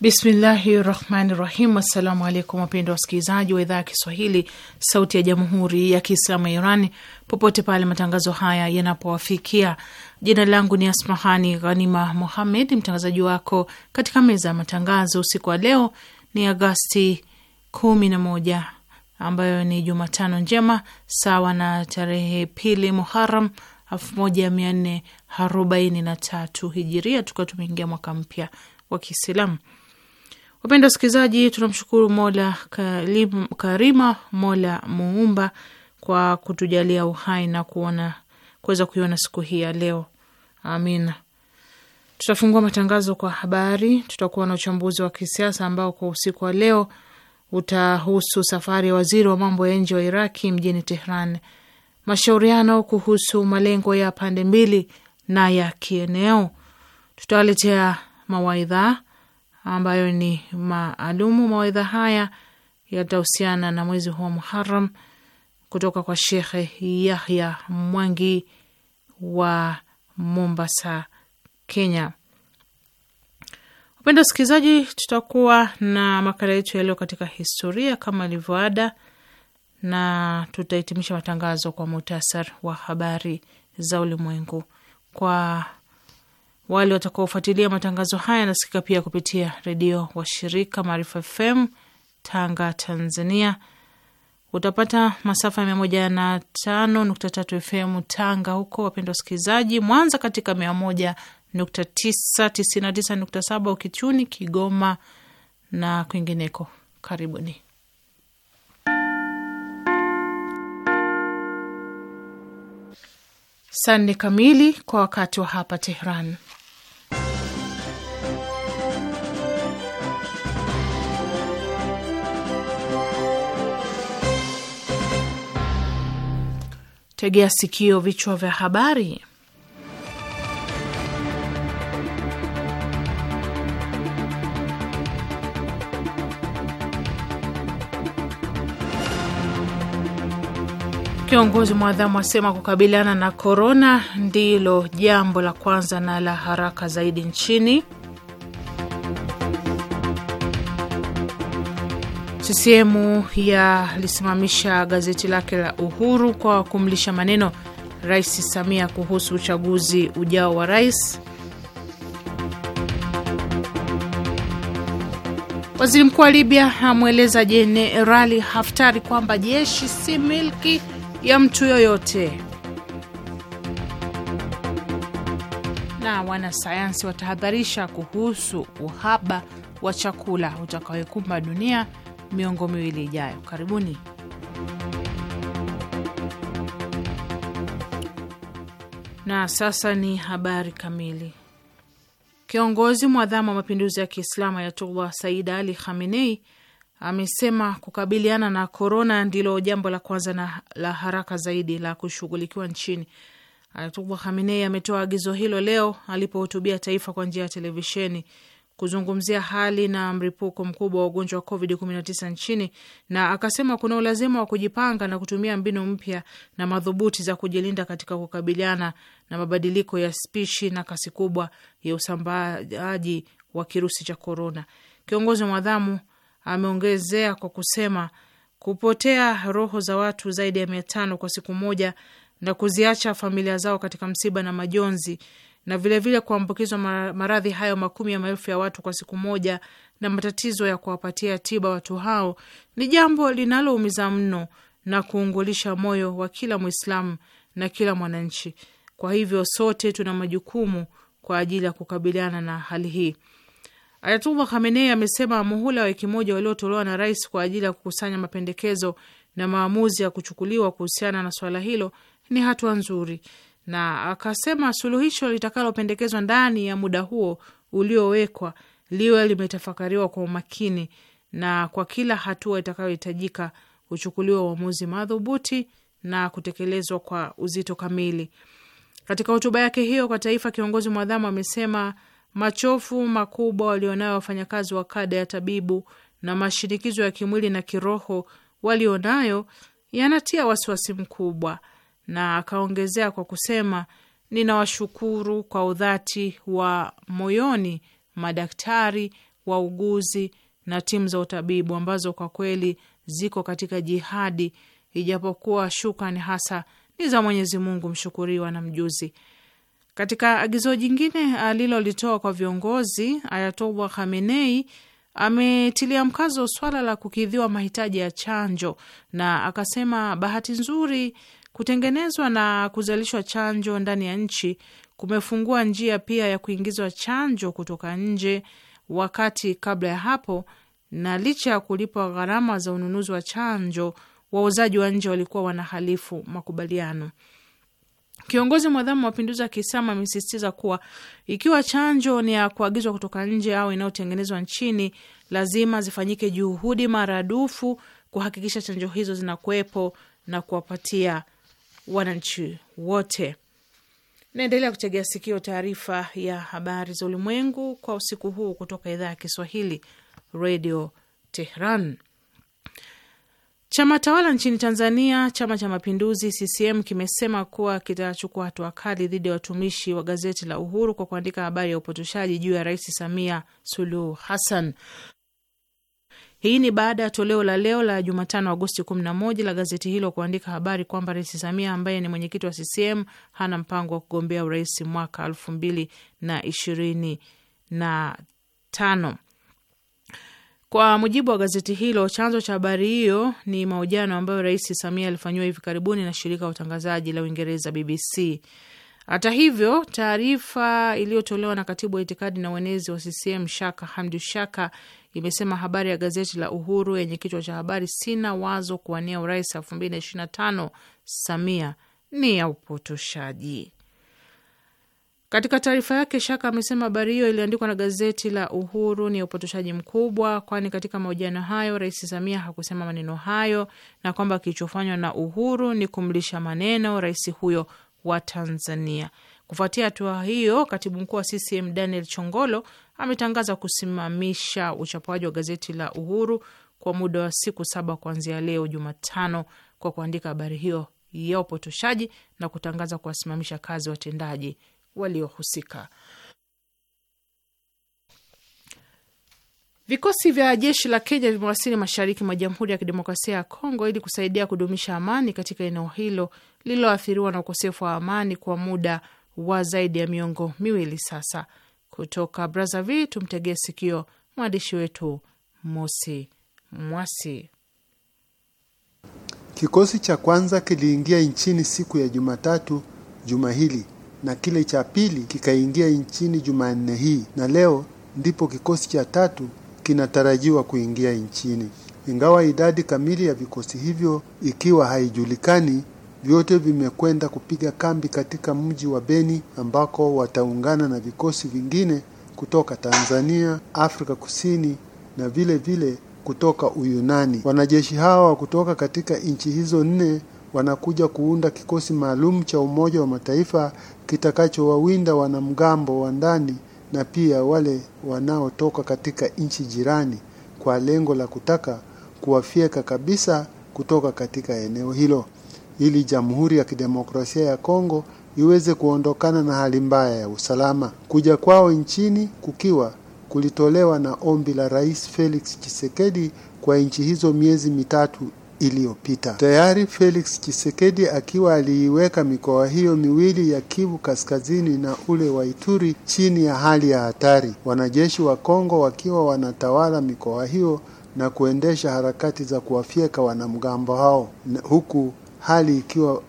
Bismillahi rahmani rahim. Assalamu alaikum wapendwa wasikilizaji wa idhaa ya Kiswahili sauti ya jamhuri ya Kiislamu ya Iran popote pale matangazo haya yanapowafikia. Jina langu ni Asmahani Ghanima Mohamed, mtangazaji wako katika meza ya matangazo. Usiku wa leo ni Agasti kumi na moja ambayo ni Jumatano njema sawa na tarehe pili Muharam elfu moja mia nne arobaini na tatu hijiria, tukiwa tumeingia mwaka mpya wa Kiislamu. Wapenda wasikilizaji, tunamshukuru Mola Kalim, Karima, Mola Muumba kwa kutujalia uhai na kuona kuweza kuiona siku hii ya leo. Amina. Tutafungua matangazo kwa habari. Tutakuwa na uchambuzi wa kisiasa ambao kwa usiku wa leo utahusu safari ya waziri wa mambo ya nje wa Iraki mjini Tehran, mashauriano kuhusu malengo ya pande mbili na ya kieneo. Tutawaletea mawaidha ambayo ni maalumu. Mawaidha haya yatahusiana na mwezi huu wa Muharam kutoka kwa Shekhe Yahya Mwangi wa Mombasa, Kenya. Upendo wasikilizaji, tutakuwa na makala yetu yaliyo katika historia kama ilivyoada na tutahitimisha matangazo kwa muhtasari wa habari za ulimwengu. Kwa wale watakaofuatilia matangazo haya yanasikika pia kupitia redio washirika Maarifa FM Tanga, Tanzania. Utapata masafa ya mia moja na tano nukta tatu FM Tanga huko, wapendwa wasikilizaji. Mwanza katika mia moja nukta tisa tisini na tisa nukta saba ukichuni Kigoma na kwingineko. Karibuni. Saa nne kamili kwa wakati wa hapa Tehran. Tegea sikio, vichwa vya habari. Kiongozi mwadhamu asema kukabiliana na korona ndilo jambo la kwanza na la haraka zaidi nchini. ya yalisimamisha gazeti lake la Uhuru kwa kumlisha maneno Rais Samia kuhusu uchaguzi ujao wa rais. Waziri mkuu wa Libya amweleza Jenerali Haftari kwamba jeshi si milki ya mtu yoyote. Na wanasayansi watahadharisha kuhusu uhaba wa chakula utakaoikumba dunia miongo miwili ijayo. Karibuni. Na sasa ni habari kamili. Kiongozi mwadhamu wa mapinduzi ya Kiislamu Ayatullah Said Ali Khamenei amesema kukabiliana na korona ndilo jambo la kwanza na la haraka zaidi la kushughulikiwa nchini. Ayatullah Khamenei ametoa agizo hilo leo alipohutubia taifa kwa njia ya televisheni kuzungumzia hali na mripuko mkubwa wa ugonjwa wa COVID-19 nchini na akasema kuna ulazima wa kujipanga na kutumia mbinu mpya na madhubuti za kujilinda katika kukabiliana na mabadiliko ya spishi na kasi kubwa ya usambaaji wa kirusi cha korona. Kiongozi mwadhamu ameongezea kwa kusema kupotea roho za watu zaidi ya mia tano kwa siku moja na kuziacha familia zao katika msiba na majonzi na vilevile kuambukizwa maradhi hayo makumi ya maelfu ya watu kwa siku moja na matatizo ya kuwapatia tiba watu hao ni jambo linaloumiza mno na kuungulisha moyo wa kila Mwislamu na kila mwananchi. Kwa hivyo sote tuna majukumu kwa ajili ya kukabiliana na hali hii. Ayatullah Khamenei amesema muhula wa wiki moja waliotolewa na rais kwa ajili ya kukusanya mapendekezo na maamuzi ya kuchukuliwa kuhusiana na swala hilo ni hatua nzuri, na akasema suluhisho litakalopendekezwa ndani ya muda huo uliowekwa liwe limetafakariwa kwa umakini na kwa kila hatua itakayohitajika kuchukuliwa uamuzi madhubuti na kutekelezwa kwa uzito kamili. Katika hotuba yake hiyo kwa taifa, kiongozi mwadhamu amesema machofu makubwa walionayo wafanyakazi wa kada ya tabibu na mashinikizo ya kimwili na kiroho walionayo yanatia wasiwasi mkubwa na akaongezea kwa kusema, ninawashukuru kwa udhati wa moyoni madaktari, wauguzi na timu za utabibu ambazo kwa kweli ziko katika jihadi, ijapokuwa shukrani hasa ni za Mwenyezi Mungu mshukuriwa na mjuzi. Katika agizo jingine alilolitoa kwa viongozi, Ayatollah Khamenei ametilia mkazo swala la kukidhiwa mahitaji ya chanjo, na akasema bahati nzuri Kutengenezwa na kuzalishwa chanjo ndani ya nchi kumefungua njia pia ya kuingizwa chanjo kutoka nje, wakati kabla ya hapo na licha ya kulipwa gharama za ununuzi wa chanjo, wauzaji wa nje walikuwa wanahalifu makubaliano. Kiongozi mwadhamu wa mapinduzi ya Kiislamu amesisitiza kuwa ikiwa chanjo ni ya kuagizwa kutoka nje au inayotengenezwa nchini, lazima zifanyike juhudi maradufu kuhakikisha chanjo hizo zinakuwepo na kuwapatia wananchi wote. Naendelea kutegea sikio taarifa ya habari za ulimwengu kwa usiku huu kutoka idhaa ya Kiswahili Radio Tehran. Chama tawala nchini Tanzania, Chama cha Mapinduzi CCM kimesema kuwa kitachukua hatua kali dhidi ya watumishi wa gazeti la Uhuru kwa kuandika habari ya upotoshaji juu ya Rais Samia Suluhu Hassan. Hii ni baada ya toleo la leo la Jumatano Agosti 11 la gazeti hilo kuandika habari kwamba Rais Samia ambaye ni mwenyekiti wa CCM hana mpango wa kugombea urais mwaka 2025. Kwa mujibu wa gazeti hilo, chanzo cha habari hiyo ni mahojiano ambayo Rais Samia alifanyiwa hivi karibuni na shirika la utangazaji la Uingereza BBC. Hata hivyo, taarifa iliyotolewa na katibu wa itikadi na uenezi wa CCM Shaka Hamdu Shaka imesema habari ya gazeti la Uhuru yenye kichwa cha habari sina wazo kuwania urais elfu mbili na ishirini tano Samia ni ya upotoshaji. Katika taarifa yake Shaka amesema habari hiyo iliandikwa na gazeti la Uhuru ni upotoshaji mkubwa, kwani katika mahojiano hayo Rais Samia hakusema maneno hayo na kwamba kilichofanywa na Uhuru ni kumlisha maneno rais huyo wa Tanzania. Kufuatia hatua hiyo, katibu mkuu wa CCM Daniel Chongolo ametangaza kusimamisha uchapaji wa gazeti la Uhuru kwa muda wa siku saba kuanzia leo Jumatano kwa kuandika habari hiyo ya upotoshaji na kutangaza kuwasimamisha kazi watendaji waliohusika. Vikosi vya jeshi la Kenya vimewasili mashariki mwa Jamhuri ya Kidemokrasia ya Kongo ili kusaidia kudumisha amani katika eneo hilo lililoathiriwa na ukosefu wa amani kwa muda wa zaidi ya miongo miwili sasa. Kutoka Brazzaville tumtegee sikio mwandishi wetu Mosi Mwasi. Kikosi cha kwanza kiliingia nchini siku ya Jumatatu juma hili na kile cha pili kikaingia nchini Jumanne hii na leo ndipo kikosi cha tatu kinatarajiwa kuingia nchini, ingawa idadi kamili ya vikosi hivyo ikiwa haijulikani vyote vimekwenda kupiga kambi katika mji wa Beni ambako wataungana na vikosi vingine kutoka Tanzania, Afrika Kusini na vile vile kutoka Uyunani. Wanajeshi hawa kutoka katika nchi hizo nne wanakuja kuunda kikosi maalum cha Umoja wa Mataifa kitakachowawinda wanamgambo wa ndani na pia wale wanaotoka katika nchi jirani kwa lengo la kutaka kuwafyeka kabisa kutoka katika eneo hilo ili Jamhuri ya Kidemokrasia ya Kongo iweze kuondokana na hali mbaya ya usalama. Kuja kwao nchini kukiwa kulitolewa na ombi la Rais Felix Tshisekedi kwa nchi hizo miezi mitatu iliyopita. Tayari Felix Tshisekedi akiwa aliiweka mikoa hiyo miwili ya Kivu Kaskazini na ule wa Ituri chini ya hali ya hatari, wanajeshi wa Kongo wakiwa wanatawala mikoa hiyo na kuendesha harakati za kuwafyeka wanamgambo hao huku hali ikiwa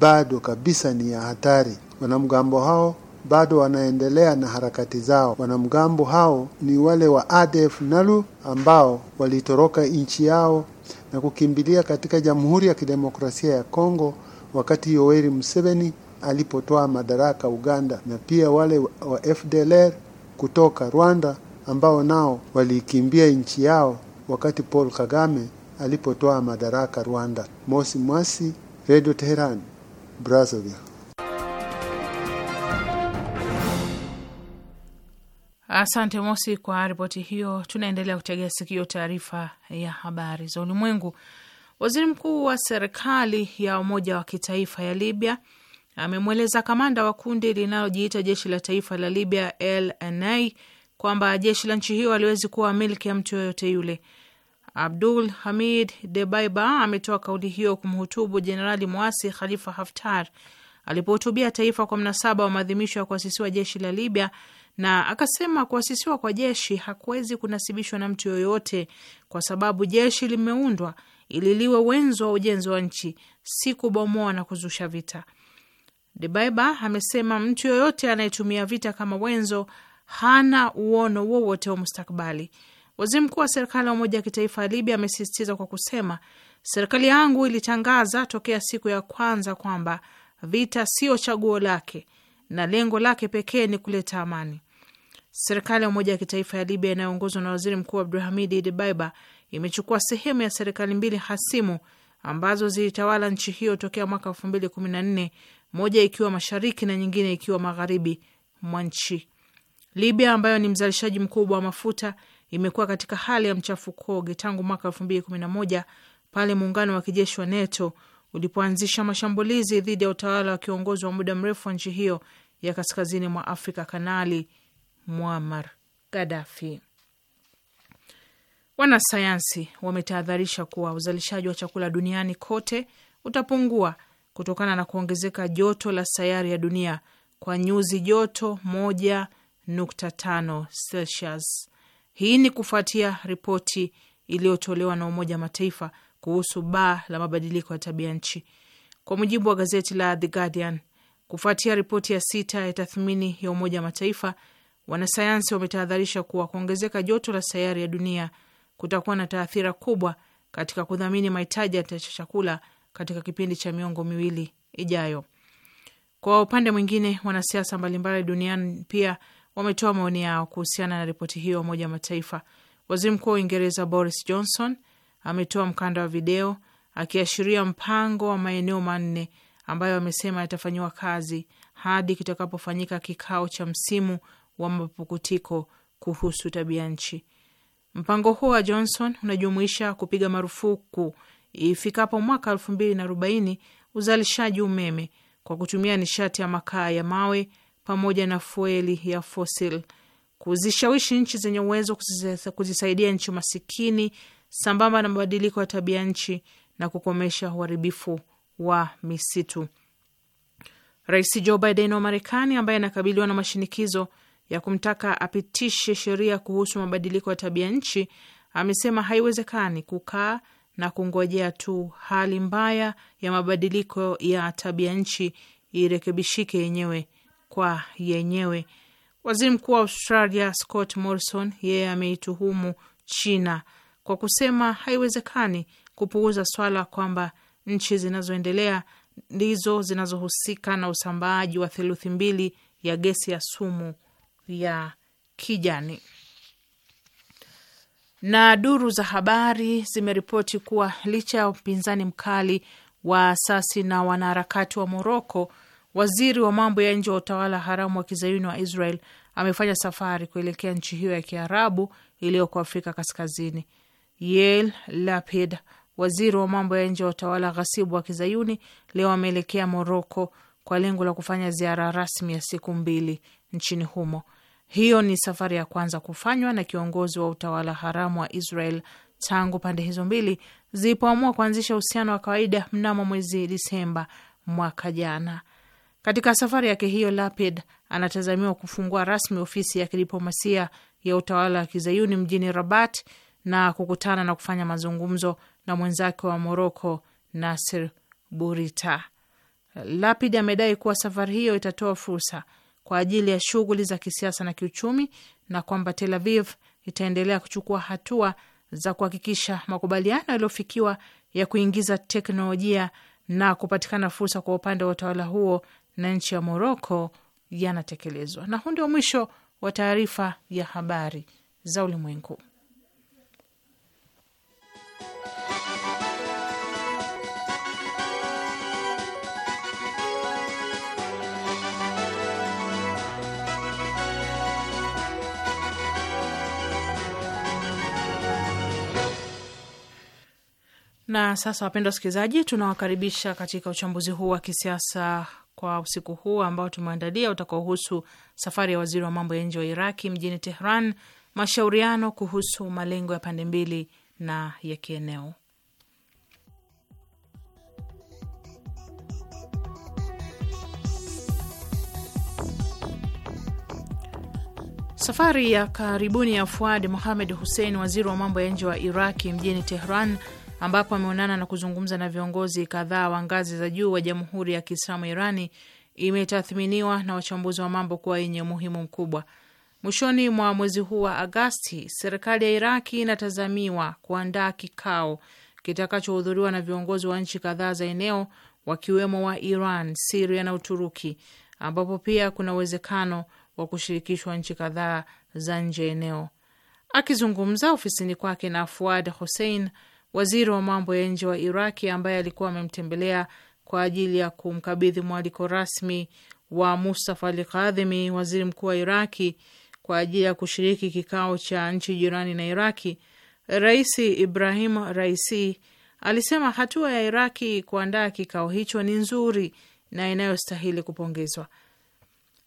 bado kabisa ni ya hatari. Wanamgambo hao bado wanaendelea na harakati zao. Wanamgambo hao ni wale wa ADF NALU ambao walitoroka nchi yao na kukimbilia katika Jamhuri ya Kidemokrasia ya Kongo wakati Yoweri Museveni alipotoa madaraka Uganda, na pia wale wa FDLR kutoka Rwanda ambao nao waliikimbia nchi yao wakati Paul Kagame alipotoa madaraka Rwanda. Mosi Mwasi, Radio Teheran, Brazzaville. Asante Mosi kwa ripoti hiyo. Tunaendelea kutegea sikio taarifa ya habari za ulimwengu. Waziri mkuu wa serikali ya umoja wa kitaifa ya Libya amemweleza kamanda wa kundi linalojiita jeshi la taifa la Libya LNA kwamba jeshi la nchi hiyo haliwezi kuwa milki ya mtu yoyote yule. Abdul Hamid Debaiba ametoa kauli hiyo kumhutubu Jenerali mwasi Khalifa Haftar alipohutubia taifa kwa mnasaba wa maadhimisho ya kuasisiwa jeshi la Libya, na akasema kuasisiwa kwa jeshi hakuwezi kunasibishwa na mtu yoyote, kwa sababu jeshi limeundwa ili liwe wenzo wa ujenzi wa nchi, si kubomoa na kuzusha vita. Debaiba amesema mtu yoyote anayetumia vita kama wenzo hana uono wowote wa mustakbali. Waziri mkuu wa serikali ya umoja wa kitaifa ya Libya amesisitiza kwa kusema, serikali yangu ilitangaza tokea siku ya kwanza kwamba vita sio chaguo lake na lengo lake pekee ni kuleta amani. Serikali ya umoja wa kitaifa ya Libya inayoongozwa na waziri mkuu Abdulhamid Dbaiba imechukua sehemu ya serikali mbili hasimu ambazo zilitawala nchi hiyo tokea mwaka elfu mbili kumi na nne, moja ikiwa mashariki na nyingine ikiwa magharibi mwa nchi. Libya ambayo ni mzalishaji mkubwa wa mafuta imekuwa katika hali ya mchafukoge tangu mwaka elfu mbili kumi na moja pale muungano wa kijeshi wa NATO ulipoanzisha mashambulizi dhidi ya utawala wa kiongozi wa muda mrefu wa nchi hiyo ya kaskazini mwa Afrika, Kanali Muammar Gaddafi. Wanasayansi wametahadharisha kuwa uzalishaji wa chakula duniani kote utapungua kutokana na kuongezeka joto la sayari ya dunia kwa nyuzi joto moja nukta tano Celsius. Hii ni kufuatia ripoti iliyotolewa na Umoja wa Mataifa kuhusu baa la mabadiliko ya tabia nchi. Kwa mujibu wa gazeti la The Guardian, kufuatia ripoti ya sita ya tathmini ya Umoja wa Mataifa, wanasayansi wametahadharisha kuwa kuongezeka joto la sayari ya dunia kutakuwa na taathira kubwa katika kudhamini mahitaji ya chakula katika kipindi cha miongo miwili ijayo. Kwa upande mwingine, wanasiasa mbalimbali duniani pia wametoa maoni yao kuhusiana na ripoti hiyo ya Umoja wa Mataifa. Waziri Mkuu wa Uingereza Boris Johnson ametoa mkanda wa video akiashiria mpango wa maeneo manne ambayo amesema yatafanyiwa kazi hadi kitakapofanyika kikao cha msimu wa mapukutiko kuhusu tabia nchi. Mpango huo wa Johnson unajumuisha kupiga marufuku ifikapo mwaka elfu mbili na arobaini uzalishaji umeme kwa kutumia nishati ya makaa ya mawe pamoja na fueli ya fosil, kuzishawishi nchi zenye uwezo kuzisaidia nchi masikini sambamba na mabadiliko ya tabia nchi na kukomesha uharibifu wa misitu. Rais Joe Biden wa Marekani, ambaye anakabiliwa na mashinikizo ya kumtaka apitishe sheria kuhusu mabadiliko ya tabia nchi, amesema haiwezekani kukaa na kungojea tu hali mbaya ya mabadiliko ya tabia nchi irekebishike yenyewe kwa yenyewe. Waziri mkuu wa Australia Scott Morrison yeye ameituhumu China kwa kusema haiwezekani kupuuza swala kwamba nchi zinazoendelea ndizo zinazohusika na usambaaji wa theluthi mbili ya gesi ya sumu ya kijani. Na duru za habari zimeripoti kuwa licha ya upinzani mkali wa asasi na wanaharakati wa Moroko Waziri wa mambo ya nje wa utawala haramu wa kizayuni wa Israel amefanya safari kuelekea nchi hiyo ya kiarabu iliyoko Afrika Kaskazini. Yair Lapid, waziri wa mambo ya nje wa utawala ghasibu wa kizayuni, leo ameelekea Moroko kwa lengo la kufanya ziara rasmi ya siku mbili nchini humo. Hiyo ni safari ya kwanza kufanywa na kiongozi wa utawala haramu wa Israel tangu pande hizo mbili zilipoamua kuanzisha uhusiano wa kawaida mnamo mwezi Disemba mwaka jana. Katika safari yake hiyo, Lapid anatazamiwa kufungua rasmi ofisi ya kidiplomasia ya utawala wa kizayuni mjini Rabat na kukutana na kufanya mazungumzo na mwenzake wa Moroko, Nasir Burita. Lapid amedai kuwa safari hiyo itatoa fursa kwa ajili ya shughuli za kisiasa na kiuchumi na kwamba Tel Aviv itaendelea kuchukua hatua za kuhakikisha makubaliano yaliyofikiwa ya kuingiza teknolojia na kupatikana fursa kwa upande wa utawala huo na nchi ya Moroko yanatekelezwa. Na huu ndio mwisho wa taarifa ya habari za ulimwengu. Na sasa, wapendwa wasikilizaji, tunawakaribisha katika uchambuzi huu wa kisiasa kwa usiku huu ambao tumeandalia utakaohusu safari ya waziri wa mambo ya nje wa Iraki mjini Tehran, mashauriano kuhusu malengo ya pande mbili na ya kieneo. Safari ya karibuni ya Fuad Mohamed Hussein, waziri wa mambo ya nje wa Iraki mjini Tehran ambapo ameonana na kuzungumza na viongozi kadhaa wa ngazi za juu wa Jamhuri ya Kiislamu Irani imetathminiwa na wachambuzi wa mambo kuwa yenye umuhimu mkubwa. Mwishoni mwa mwezi huu wa Agasti, serikali ya Iraki inatazamiwa kuandaa kikao kitakachohudhuriwa na viongozi wa nchi kadhaa za eneo wakiwemo wa Iran, Siria na Uturuki, ambapo pia kuna uwezekano wa kushirikishwa nchi kadhaa za nje eneo. Akizungumza ofisini kwake na Fuad Hussein, waziri wa mambo ya nje wa Iraki ambaye alikuwa amemtembelea kwa ajili ya kumkabidhi mwaliko rasmi wa Mustafa al Kadhimi, waziri mkuu wa Iraki, kwa ajili ya kushiriki kikao cha nchi jirani na Iraki, Rais Ibrahim Raisi alisema hatua ya Iraki kuandaa kikao hicho ni nzuri na inayostahili kupongezwa,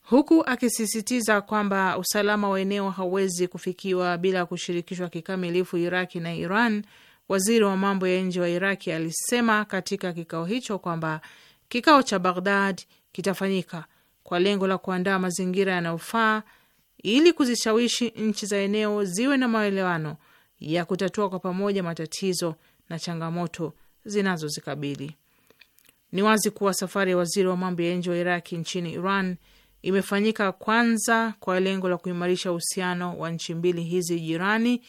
huku akisisitiza kwamba usalama wa eneo hauwezi kufikiwa bila kushirikishwa kikamilifu Iraki na Iran Waziri wa mambo ya nje wa Iraki alisema katika kikao hicho kwamba kikao cha Baghdad kitafanyika kwa lengo la kuandaa mazingira yanayofaa ili kuzishawishi nchi za eneo ziwe na maelewano ya kutatua kwa pamoja matatizo na changamoto zinazozikabili. Ni wazi kuwa safari ya waziri wa mambo ya nje wa Iraki nchini Iran imefanyika kwanza kwa lengo la kuimarisha uhusiano wa nchi mbili hizi jirani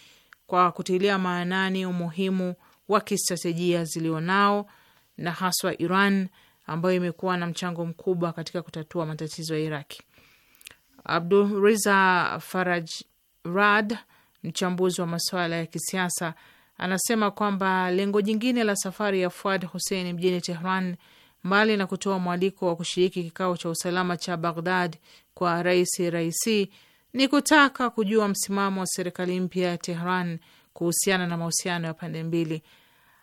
kwa kutilia maanani umuhimu wa kistratejia zilionao na haswa Iran ambayo imekuwa na mchango mkubwa katika kutatua matatizo ya Iraki. Abdul Riza Farajrad, mchambuzi wa masuala ya kisiasa, anasema kwamba lengo jingine la safari ya Fuad Hussein mjini Tehran, mbali na kutoa mwaliko wa kushiriki kikao cha usalama cha Baghdad kwa Rais Raisi ni kutaka kujua msimamo wa serikali mpya ya Tehran kuhusiana na mahusiano ya pande mbili.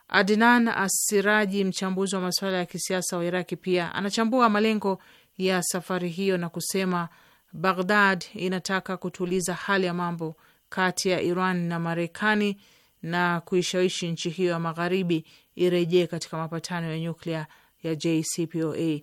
Adnan Asiraji, mchambuzi wa masuala ya kisiasa wa Iraki, pia anachambua malengo ya safari hiyo na kusema Baghdad inataka kutuliza hali ya mambo kati ya Iran na Marekani na kuishawishi nchi hiyo ya magharibi irejee katika mapatano ya nyuklia ya JCPOA.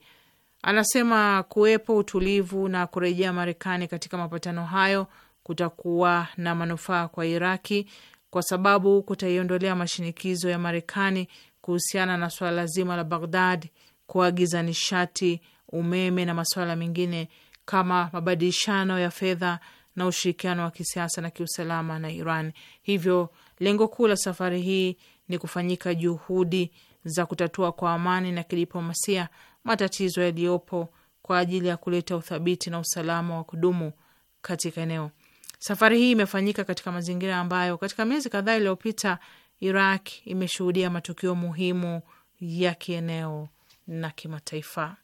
Anasema kuwepo utulivu na kurejea Marekani katika mapatano hayo kutakuwa na manufaa kwa Iraki kwa sababu kutaiondolea mashinikizo ya Marekani kuhusiana na swala zima la Baghdad kuagiza nishati, umeme na masuala mengine kama mabadilishano ya fedha na ushirikiano wa kisiasa na kiusalama na Iran. Hivyo lengo kuu la safari hii ni kufanyika juhudi za kutatua kwa amani na kidiplomasia matatizo yaliyopo kwa ajili ya kuleta uthabiti na usalama wa kudumu katika eneo. Safari hii imefanyika katika mazingira ambayo katika miezi kadhaa iliyopita Iraq imeshuhudia matukio muhimu ya kieneo na kimataifa.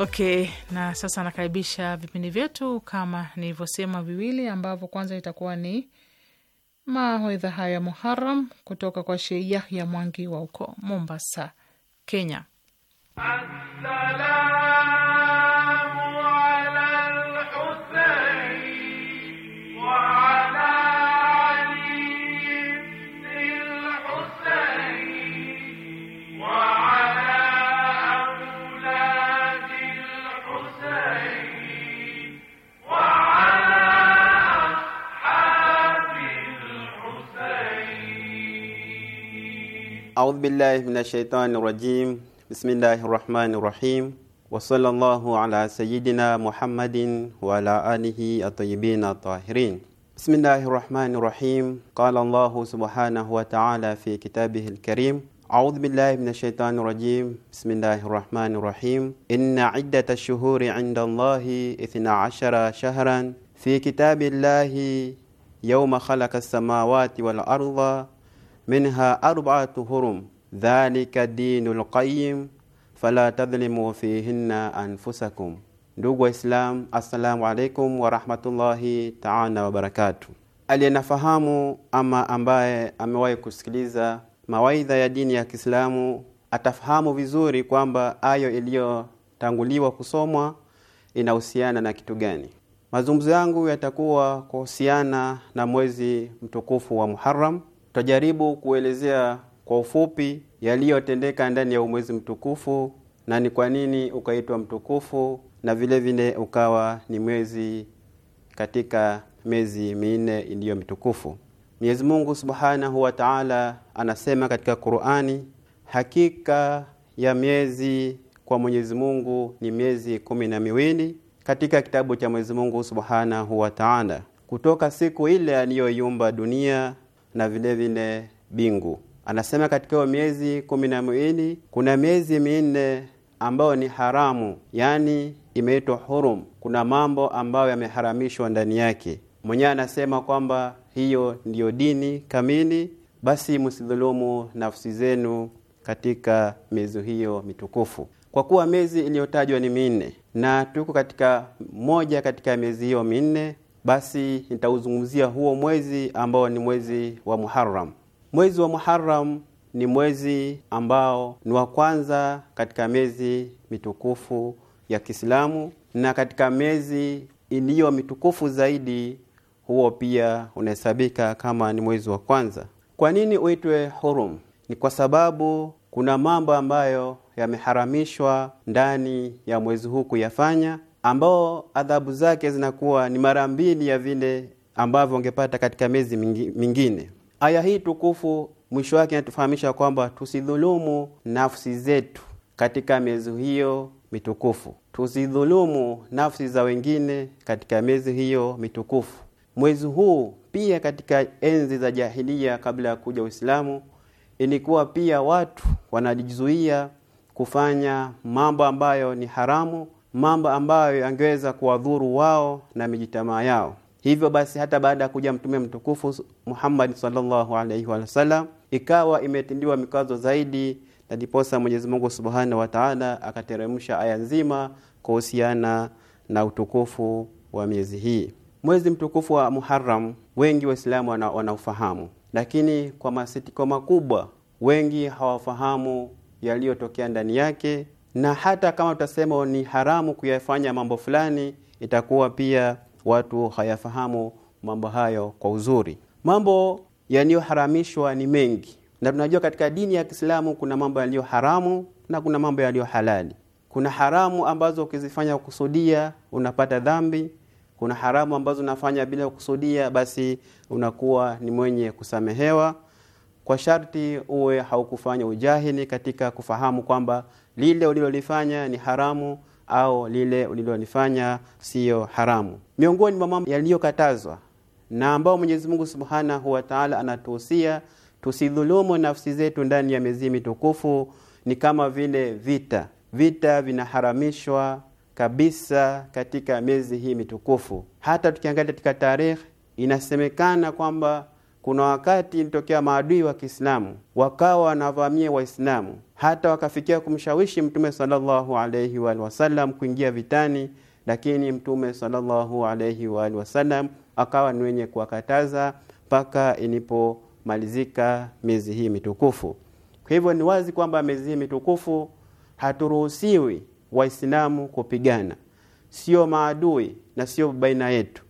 Okay, na sasa nakaribisha vipindi vyetu kama nilivyosema viwili, ambavyo kwanza itakuwa ni mawaidha haya ya kutoka kwa Sheikh Yahya Mwangi wa huko Mombasa, Kenya. Assalam. بالله من الشيطان الرجيم بسم الله الرحمن الرحيم وصلى الله على سيدنا محمد وعلى آله الطيبين الطاهرين بسم الله الرحمن الرحيم قال الله سبحانه وتعالى في كتابه الكريم أعوذ بالله من الشيطان الرجيم بسم الله الرحمن الرحيم إن عدة الشهور عند الله إثنى عشر شهرا في كتاب الله يوم خلق السماوات والأرض منها أربعة هرم ذلك الدين القيم fala tadhlimu fihinna anfusakum. Ndugu Waislamu, assalamu alaikum warahmatullahi taala wabarakatu. Aliyenafahamu ama ambaye amewahi kusikiliza mawaidha ya dini ya Kiislamu atafahamu vizuri kwamba ayo iliyotanguliwa kusomwa inahusiana na kitu gani. Mazungumzo yangu yatakuwa kuhusiana na mwezi mtukufu wa Muharram tutajaribu kuelezea kwa ufupi yaliyotendeka ndani ya umwezi mtukufu na ni kwa nini ukaitwa mtukufu na vile vile ukawa ni mwezi katika miezi minne iliyo mitukufu. Mwenyezi Mungu Subhanahu wa Ta'ala anasema katika Qur'ani, hakika ya miezi kwa Mwenyezi Mungu ni miezi kumi na miwili katika kitabu cha Mwenyezi Mungu Subhanahu wa Ta'ala, kutoka siku ile aliyoiumba dunia na vile vile bingu. Anasema katika hiyo miezi kumi na miwili kuna miezi minne ambayo ni haramu, yaani imeitwa hurum. Kuna mambo ambayo yameharamishwa ndani yake. Mwenyewe anasema kwamba hiyo ndiyo dini kamili, basi msidhulumu nafsi zenu katika miezi hiyo mitukufu, kwa kuwa miezi iliyotajwa ni minne na tuko katika moja katika miezi hiyo minne basi nitauzungumzia huo mwezi ambao ni mwezi wa Muharram. Mwezi wa Muharram ni mwezi ambao ni wa kwanza katika miezi mitukufu ya Kiislamu, na katika miezi iliyo mitukufu zaidi, huo pia unahesabika kama ni mwezi wa kwanza. Kwa nini uitwe hurum? Ni kwa sababu kuna mambo ambayo yameharamishwa ndani ya mwezi huu kuyafanya ambao adhabu zake zinakuwa ni mara mbili ya vile ambavyo ungepata katika miezi mingine. Aya hii tukufu mwisho wake inatufahamisha kwamba tusidhulumu nafsi zetu katika miezi hiyo mitukufu, tusidhulumu nafsi za wengine katika miezi hiyo mitukufu. Mwezi huu pia, katika enzi za jahilia, kabla ya kuja Uislamu, ilikuwa pia watu wanajizuia kufanya mambo ambayo ni haramu mambo ambayo yangeweza kuwadhuru wao na mijitamaa yao. Hivyo basi hata baada ya kuja mtume mtukufu Muhammad sallallahu alaihi wasallam ikawa imetindiwa mikazo zaidi, na ndiposa Mwenyezi Mungu subhanahu wa taala akateremsha aya nzima kuhusiana na utukufu wa miezi hii. Mwezi mtukufu wa Muharram wengi Waislamu wanaufahamu, lakini kwa masitiko makubwa wengi hawafahamu yaliyotokea ndani yake na hata kama tutasema ni haramu kuyafanya mambo fulani, itakuwa pia watu hayafahamu mambo hayo kwa uzuri. Mambo yaliyoharamishwa ni mengi, na tunajua katika dini ya Kiislamu kuna mambo yaliyo haramu na kuna mambo yaliyo halali. Kuna haramu ambazo ukizifanya kusudia unapata dhambi. Kuna haramu ambazo unafanya bila kusudia basi unakuwa ni mwenye kusamehewa, kwa sharti uwe haukufanya ujahili katika kufahamu kwamba lile ulilolifanya ni haramu au lile ulilolifanya siyo haramu. Miongoni mwa mambo yaliyokatazwa na ambao Mwenyezi Mungu Subhanahu wa Ta'ala anatuhusia tusidhulumu nafsi zetu ndani ya miezi mitukufu ni kama vile vita. Vita vinaharamishwa kabisa katika miezi hii mitukufu. Hata tukiangalia katika tarehe, inasemekana kwamba kuna wakati ilitokea maadui wa Kiislamu wakawa wanavamia Waislamu hata wakafikia kumshawishi Mtume sallallahu alayhi wa wasallam kuingia vitani, lakini Mtume sallallahu alayhi wa wasallam akawa ni wenye kuwakataza mpaka inipomalizika miezi hii mitukufu. Kwa hivyo ni wazi kwamba miezi hii mitukufu haturuhusiwi Waislamu kupigana, sio maadui na sio baina yetu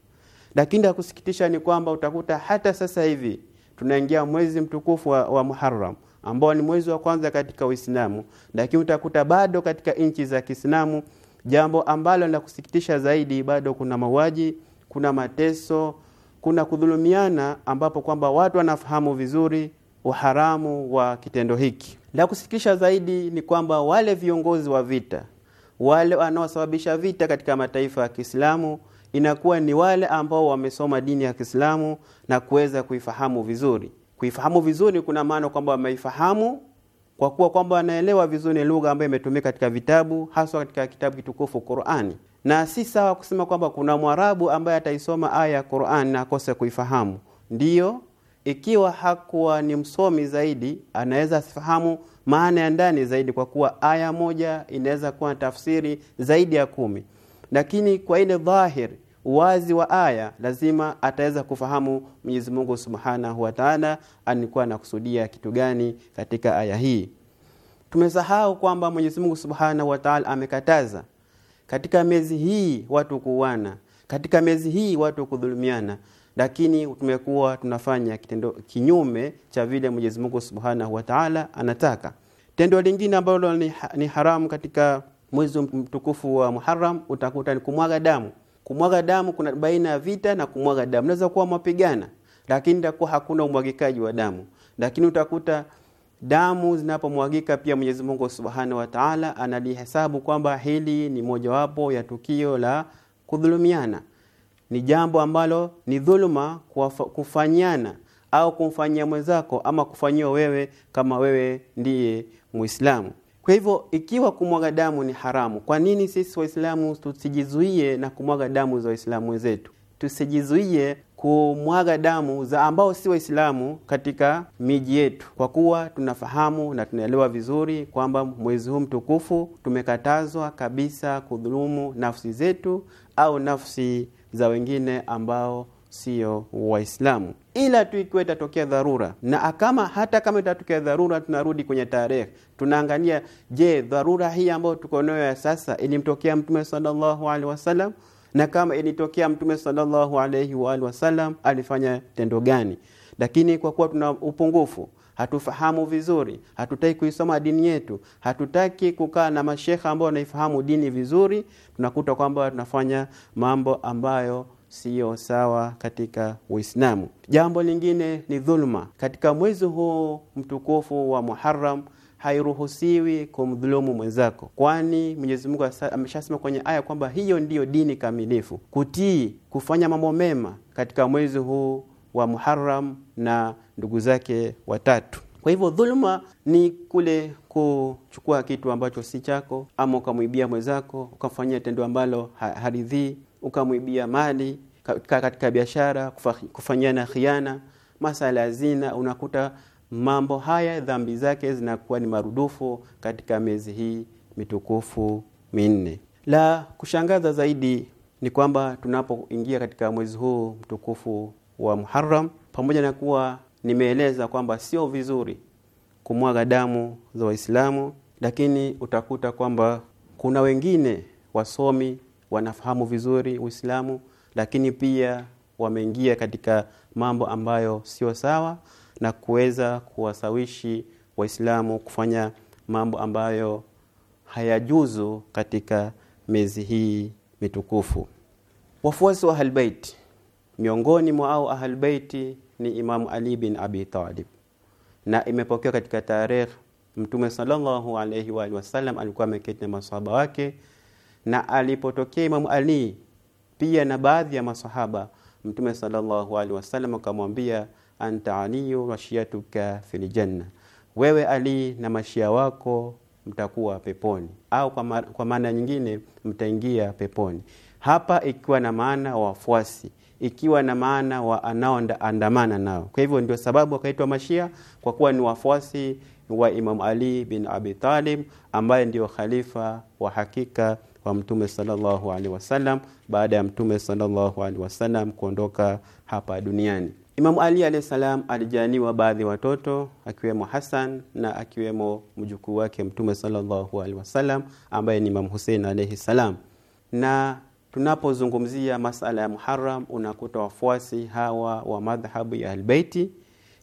lakini la kusikitisha ni kwamba utakuta hata sasa hivi tunaingia mwezi mtukufu wa, wa Muharram ambao ni mwezi wa kwanza katika Uislamu, lakini utakuta bado katika nchi za Kiislamu, jambo ambalo la kusikitisha zaidi, bado kuna mauaji, kuna mateso, kuna kudhulumiana, ambapo kwamba watu wanafahamu vizuri uharamu wa kitendo hiki. La kusikitisha zaidi ni kwamba wale viongozi wa vita, wale wanaosababisha vita katika mataifa ya Kiislamu inakuwa ni wale ambao wamesoma dini ya Kiislamu na kuweza kuifahamu vizuri. Kuifahamu vizuri kuna maana kwamba wameifahamu kwa kuwa kwamba wanaelewa vizuri lugha ambayo imetumika katika vitabu, haswa katika kitabu kitukufu Qur'ani. Na si sawa kusema kwamba kuna Mwarabu ambaye ataisoma aya ya Qur'ani na akose kuifahamu. Ndiyo, ikiwa hakuwa ni msomi zaidi, anaweza asifahamu maana ya ndani zaidi, kwa kuwa aya moja inaweza kuwa na tafsiri zaidi ya kumi. Lakini kwa ile dhahiri uwazi wa aya, lazima ataweza kufahamu Mwenyezi Mungu Subhanahu wa Ta'ala alikuwa anakusudia kitu gani katika aya hii. Tumesahau kwamba Mwenyezi Mungu Subhanahu wa Ta'ala amekataza katika mezi hii watu kuuana, katika mezi hii watu kudhulumiana, lakini tumekuwa tunafanya kitendo kinyume cha vile Mwenyezi Mungu Subhanahu wa Ta'ala anataka. Tendo lingine ambalo ni, ni haramu katika mwezi mtukufu wa Muharram utakuta ni kumwaga damu. Kumwaga damu kuna baina ya vita na kumwaga damu. Naweza kuwa mapigana, lakini takuwa hakuna umwagikaji wa damu, lakini utakuta damu zinapomwagika pia Mwenyezi Mungu Subhanahu wa Ta'ala analihesabu kwamba hili ni mojawapo ya tukio la kudhulumiana. Ni jambo ambalo ni dhuluma kufanyana au kumfanyia mwenzako ama kufanyiwa wewe kama wewe ndiye Muislamu. Kwa hivyo ikiwa kumwaga damu ni haramu, kwa nini sisi Waislamu tusijizuie na kumwaga damu za Waislamu wenzetu? Tusijizuie kumwaga damu za ambao si Waislamu katika miji yetu, kwa kuwa tunafahamu na tunaelewa vizuri kwamba mwezi huu mtukufu tumekatazwa kabisa kudhulumu nafsi zetu au nafsi za wengine ambao sio Waislamu ila tu ikiwa itatokea dharura, na akama, hata kama itatokea dharura, tunarudi kwenye tarehe, tunaangalia, je, dharura hii ambayo tuko nayo ya sasa ilimtokea Mtume sallallahu alaihi wasallam? Na kama ilitokea Mtume sallallahu alaihi wa alihi wasallam, alifanya tendo gani? Lakini kwa kuwa tuna upungufu hatufahamu vizuri, hatutaki kuisoma dini yetu, hatutaki kukaa na mashekha ambao wanaifahamu dini vizuri, tunakuta kwamba tunafanya mambo ambayo siyo sawa katika Uislamu. Jambo lingine ni dhuluma. Katika mwezi huu mtukufu wa Muharram hairuhusiwi kumdhulumu mwenzako, kwani Mwenyezi Mungu ameshasema kwenye aya kwamba hiyo ndiyo dini kamilifu, kutii, kufanya mambo mema katika mwezi huu wa Muharram na ndugu zake watatu. Kwa hivyo dhuluma ni kule kuchukua kitu ambacho si chako, ama ukamwibia mwenzako, ukamfanyia tendo ambalo haridhii ukamwibia mali katika biashara, kufanyana khiana, masala zina. Unakuta mambo haya dhambi zake zinakuwa ni marudufu katika miezi hii mitukufu minne. La kushangaza zaidi ni kwamba tunapoingia katika mwezi huu mtukufu wa Muharram, pamoja na kuwa nimeeleza kwamba sio vizuri kumwaga damu za Waislamu, lakini utakuta kwamba kuna wengine wasomi wanafahamu vizuri Uislamu, lakini pia wameingia katika mambo ambayo sio sawa na kuweza kuwasawishi Waislamu kufanya mambo ambayo hayajuzu katika miezi hii mitukufu. Wafuasi wa Ahlulbeit, miongoni mwa au ahlbeiti ni Imamu Ali bin Abi Talib, na imepokewa katika tarehe Mtume sallallahu alaihi wa alihi wasallam alikuwa ameketi na masahaba wake na alipotokea Imamu Ali pia na baadhi ya masahaba, Mtume sallallahu alaihi wasallam akamwambia anta aliyu washiatuka fil janna, wewe Ali na mashia wako mtakuwa peponi, au kwa maana nyingine mtaingia peponi. Hapa ikiwa na maana wafuasi, ikiwa na maana wa anaoandamana nao. Kwa hivyo ndio sababu akaitwa mashia kwa kuwa ni wafuasi wa Imam Ali bin Abi Talib ambaye ndio khalifa wa hakika wa mtume sallallahu alaihi wasallam baada ya mtume sallallahu alaihi wasallam kuondoka hapa duniani. Imam Ali alayhi salam alijaniwa baadhi watoto akiwemo Hassan na akiwemo mjukuu wake mtume sallallahu alaihi wasallam ambaye ni Imam Hussein alayhi salam. Na tunapozungumzia masala ya Muharram unakuta wafuasi hawa wa madhhabu ya Albeiti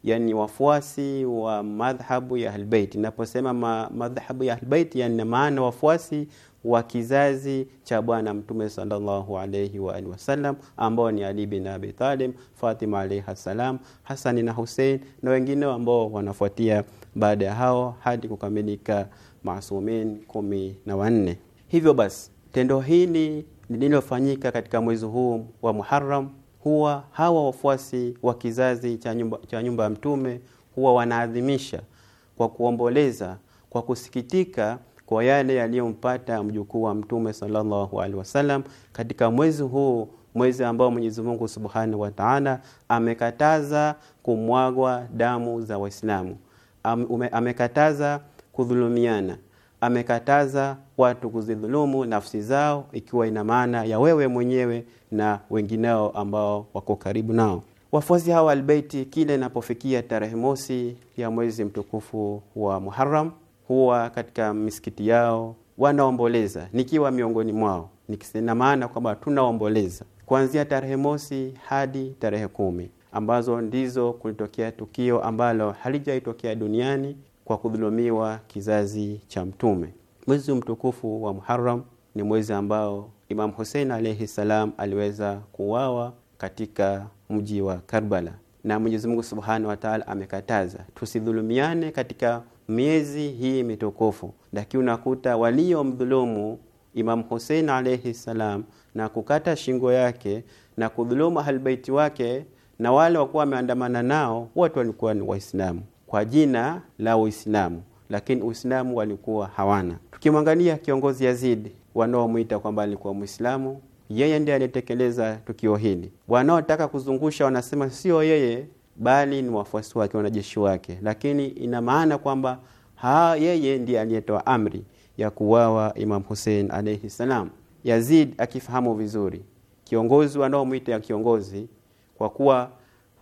yani wafuasi wa madhhabu ya Ahlbeiti. Naposema ma madhhabu ya Ahlbeiti, yani maana wafuasi wa kizazi cha Bwana Mtume sallallahu alayhi wa alihi wasallam ambao ni Ali bin Abi Talib, Fatima alayha salam, Hasani na Hussein na wengineo ambao wanafuatia baada ya hao hadi kukamilika masumin kumi na wanne. Hivyo basi tendo hili lililofanyika katika mwezi huu wa Muharram huwa hawa wafuasi wa kizazi cha nyumba, cha nyumba ya Mtume huwa wanaadhimisha kwa kuomboleza, kwa kusikitika kwa yale yaliyompata mjukuu wa Mtume sallallahu alaihi wasallam katika mwezi huu, mwezi ambao Mwenyezi Mungu Subhanahu wa Ta'ala amekataza kumwagwa damu za Waislamu, amekataza kudhulumiana, amekataza watu kuzidhulumu nafsi zao, ikiwa ina maana ya wewe mwenyewe na wengineo ambao wako karibu nao. Wafuasi hawa Albeiti, kila inapofikia tarehe mosi ya mwezi mtukufu wa Muharram huwa katika misikiti yao wanaomboleza, nikiwa miongoni mwao, na maana kwamba tunaomboleza kuanzia tarehe mosi hadi tarehe kumi ambazo ndizo kulitokea tukio ambalo halijaitokea duniani kwa kudhulumiwa kizazi cha Mtume. Mwezi mtukufu wa Muharram ni mwezi ambao Imam husein alaihi salam aliweza kuuawa katika mji wa Karbala, na Mwenyezi Mungu Subhanahu wataala amekataza tusidhulumiane katika miezi hii mitukufu, lakini unakuta waliomdhulumu Imam Hussein alayhi salam na kukata shingo yake na kudhulumu ahlbeiti wake na wale wakuwa wameandamana nao, watu walikuwa ni Waislamu kwa jina la Uislamu, lakini Uislamu walikuwa hawana. Tukimwangalia kiongozi Yazid wanaomwita kwamba alikuwa Mwislamu, yeye ndiye alitekeleza tukio hili. Wanaotaka kuzungusha wanasema sio yeye bali ni wafuasi wake, wanajeshi wake, lakini ina maana kwamba yeye ndiye aliyetoa amri ya kuwawa Imam Hussein alayhi salam. Yazid akifahamu vizuri kiongozi wanaomwita ya kiongozi, kwa kuwa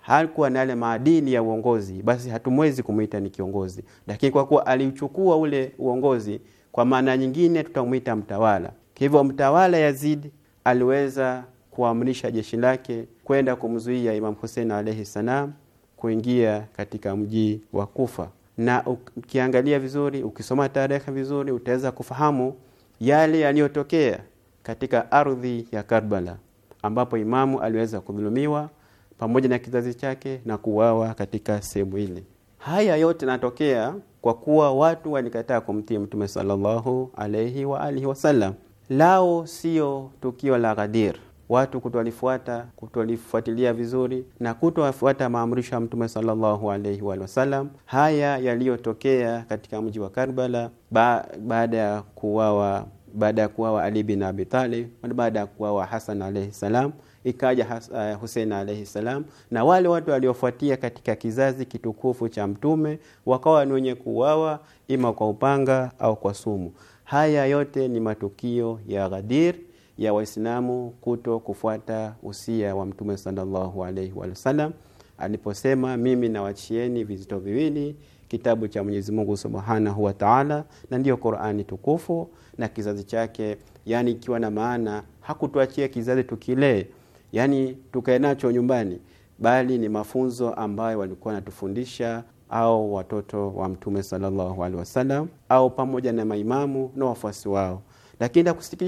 hakuwa na yale maadili ya uongozi, basi hatumwezi kumwita ni kiongozi. Lakini kwa kuwa aliuchukua ule uongozi, kwa maana nyingine tutamwita mtawala. Kwa hivyo mtawala Yazid aliweza kuamrisha jeshi lake kwenda kumzuia Imam Hussein alayhi salam kuingia katika mji wa Kufa. Na ukiangalia vizuri, ukisoma tarehe vizuri, utaweza kufahamu yale yaliyotokea katika ardhi ya Karbala ambapo imamu aliweza kudhulumiwa pamoja na kizazi chake na kuuawa katika sehemu ile. Haya yote yanatokea kwa kuwa watu walikataa kumtii Mtume sallallahu alaihi wa alihi wasallam. Lao sio tukio la Ghadir, watu kutolifuata, kutolifuatilia vizuri na kutowafuata maamrisho ya Mtume sallallahu alaihi wasallam. Haya yaliyotokea katika mji wa Karbala ba baada ya kuwawa baada ya kuwawa Ali bin Abi Talib, baada ya kuwawa Hasan alaihi salam, ikaja uh, Husein alaihi salam, na wale watu waliofuatia katika kizazi kitukufu cha Mtume wakawa ni wenye kuwawa ima kwa upanga au kwa sumu. Haya yote ni matukio ya Ghadir ya Waislamu kuto kufuata usia wa Mtume sallallahu alaihi wasallam aliposema, mimi nawachieni vizito viwili, kitabu cha Mwenyezi Mungu subhanahu wa taala na ndiyo Qurani tukufu na kizazi chake, yani ikiwa na maana hakutuachia kizazi tukilee, yani tukae nacho nyumbani, bali ni mafunzo ambayo walikuwa wanatufundisha au watoto wa Mtume sallallahu alaihi wasallam au pamoja na maimamu na wafuasi wao. Lakini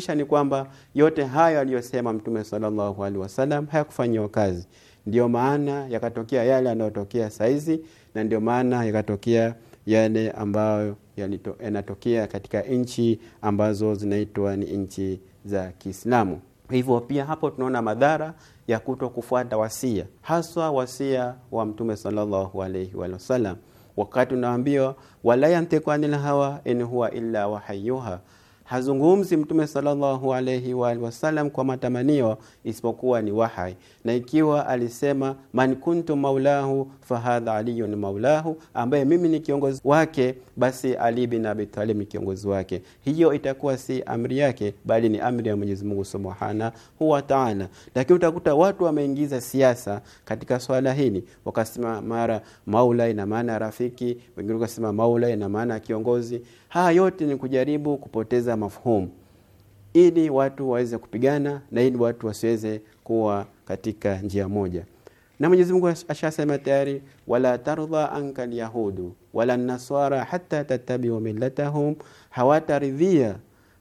la ni kwamba yote hayo aliyosema Mtume sallallahu alaihi wasallam hayakufanyiwa kazi, ndiyo maana yakatokea yale yanayotokea saizi, na ndiyo maana yakatokea yale ambayo yanatokea katika nchi ambazo zinaitwa ni nchi za Kiislamu. Hivyo pia hapo tunaona madhara ya kuto kufuata wasia, haswa wasia wa Mtume sallallahu alaihi wasallam, wakati unaambiwa wala yantiku anil hawa in huwa illa wahayuha hazungumzi mtume sallallahu alayhi wa alihi wasallam kwa matamanio isipokuwa ni wahai na ikiwa alisema man kuntu maulahu fahadha aliyun maulahu ambaye mimi ni kiongozi wake basi ali bin abi talib ni kiongozi wake hiyo itakuwa si amri yake bali ni amri ya Mwenyezi Mungu subhanahu wa ta'ala lakini utakuta watu wameingiza siasa katika swala hili wakasema mara maula ina maana rafiki wengine wakasema maula ina maana kiongozi Haya yote ni kujaribu kupoteza mafhumu ili watu waweze kupigana na ili watu wasiweze kuwa katika njia moja. Na Mwenyezi Mungu ashasema tayari, wala tardha anka alyahudu wala naswara hata tattabiu millatahum, hawataridhia